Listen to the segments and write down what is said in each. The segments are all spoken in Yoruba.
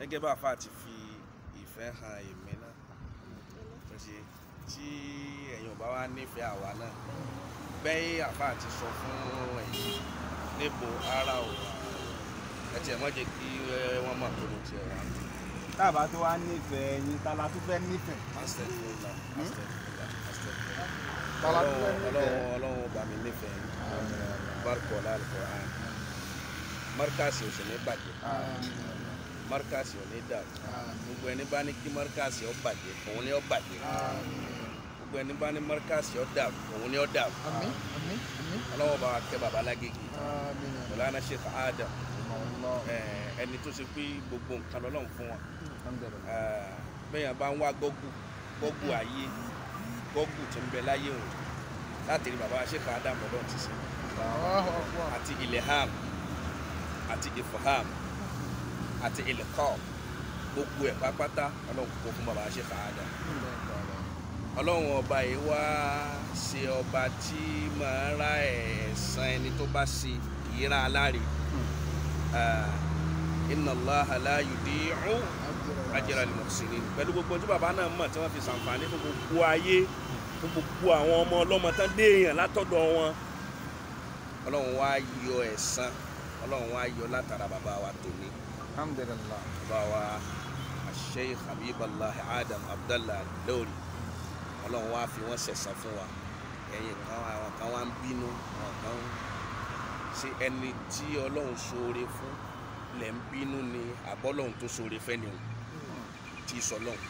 gẹ́gẹ́ bá àfa ti fi ìfẹ́ hàn èmi náà tó ṣe tí ẹ̀yin ò bá wá nífẹ̀ẹ́ àwa náà bẹ́ẹ̀ àfa ti sọ fún ẹ̀yin níbo ara ò ẹ tiẹ̀ mọ́ jẹ́ kí wọ́n mọ̀ tó ló tiẹ̀ wá. tábà tó wá nífẹ̀ẹ́ ẹ̀yin tala tó fẹ́ nífẹ̀ẹ́. pásítẹ̀ fúnla pásítẹ̀ fúnla pásítẹ̀ fúnla. tala tó fẹ́ nífẹ̀ẹ́ ọlọ́run ọlọ́run bá mi nífẹ̀ẹ́ yín. bárkọ̀ lálùkọ̀ àná márkàsì òsèlè bàjẹ́ márkàsì ò ní dàrú gbogbo ẹni bá ní kí márkàsì ó bàjẹ́ òun ni ó bàjẹ́ gbogbo ẹni bá ní márkàsì ó dàrú òun ni ó dàrú ọlọ́wọ́ bá wa kẹ́ baba lágége ọ̀lànà Sheikh Adam ẹni tó ṣe pé gbogbo nǹkan lọ́lọ́run fún wa bẹ́ẹ̀ bá ń wá gọ́gù gọ́gù ayé gọ́gù tó ń bẹ láyé òun láti rí baba Sheikh Adam ọlọ́run ti sè àti ilẹ̀ ham àti ifaham àti ilẹ̀kọ́ gbogbo ẹ̀ pápátá ọlọ́run kò fún bàbá ṣe fàádà ọlọ́run ọba yìí wá ṣe ọba tí màá ra ẹ̀san ẹni tó bá ṣe ìyíra aláre inna Allaha la yudi'u ajra al-muhsinin pẹ̀lú gbogbo ojú bàbá náà mọ̀ tí wọ́n fi ṣàǹfààní fún gbogbo ayé fún gbogbo àwọn ọmọ ọlọ́mọ tán déèyàn látọ̀dọ̀ wọn ọlọ́run wá yọ ẹ̀san ọlọ́run wá yọ látara bàbá wa tòní alhamdulillah bàwa sheikh habiballah adam abdallah lórí ọlọ́run wá fi wọ́n ṣẹ̀san fún wa ẹ̀yìn kan àwọn kan wá ń bínú àwọn kan ń ṣe ẹni tí ọlọ́run ṣoore fún lẹ̀ ń bínú ni àbọ́lọ́run tó ṣoore fẹ́ni o tí ì sọlọ́run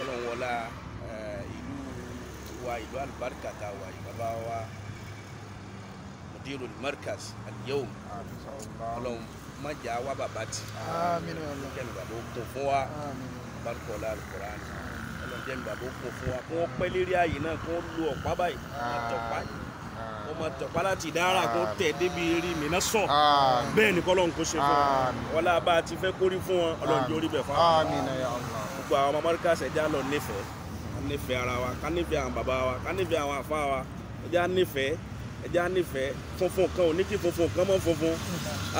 ọlọ́run wọlá eh, ìlú wa ìlú alibarika ta wa ìbàbá wa mudirul markaz al-yawm ọlọ́run má jà wá bàbá tì kẹ́mi bàbá ó kún fún wa bàbá ọ̀la àlùkòrá ni ọlọ́jẹ́ mi bàbá ó kún fún wa kí wọ́n pẹ́ lérí ààyè náà kí wọ́n lo ọ̀pá báyìí wọ́n tọ̀pá yìí wọ́n máa tọ̀pá láti dára kó tẹ̀ débi eré mi náà sàn bẹ́ẹ̀ ni kọ́lọ́n kó ṣe fún wọn wọn lá bá a ti fẹ́ kórí fún wọn ọlọ́jọ́ orí bẹ̀ fún wa gbogbo àwọn amọ́ríkà ẹja nífẹ̀ẹ́ funfun kan ò ní kí funfun kan mọ́ funfun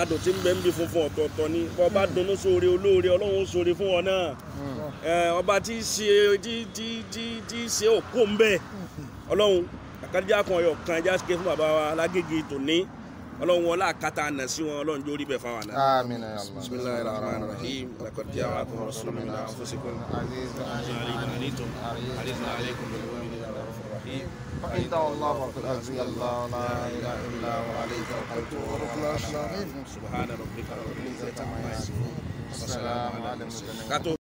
adùn tí ń bẹ ń bi funfun ọ̀tọ̀ọ̀tọ̀ ni bọ́ ọba dunnú sóore olóore ọlọ́run sóore fún ọ náà ọba tí í ṣe tí tí tí tí í ṣe òkú ń bẹ ọlọ́run àkàdíjà kan ọyọ kan ẹja ké fún bàbá wa lágége tòní ọlọ́run wọn láàkátà àná sí wọn ọlọ́run jó rí bẹ́ẹ̀ fáwọn àná. àmín bisimilayi rahman rahim lakọrọdí àwọn akọrọ sọlọmìnira fọsíkọ. àlejò àlejò àlejò àlejò àlejò حميدا والله فوق الارض الله لا اله الا هو عليه توكلت وهو رب سبحان ربك رب العزه عما يصفون وسلام على المرسلين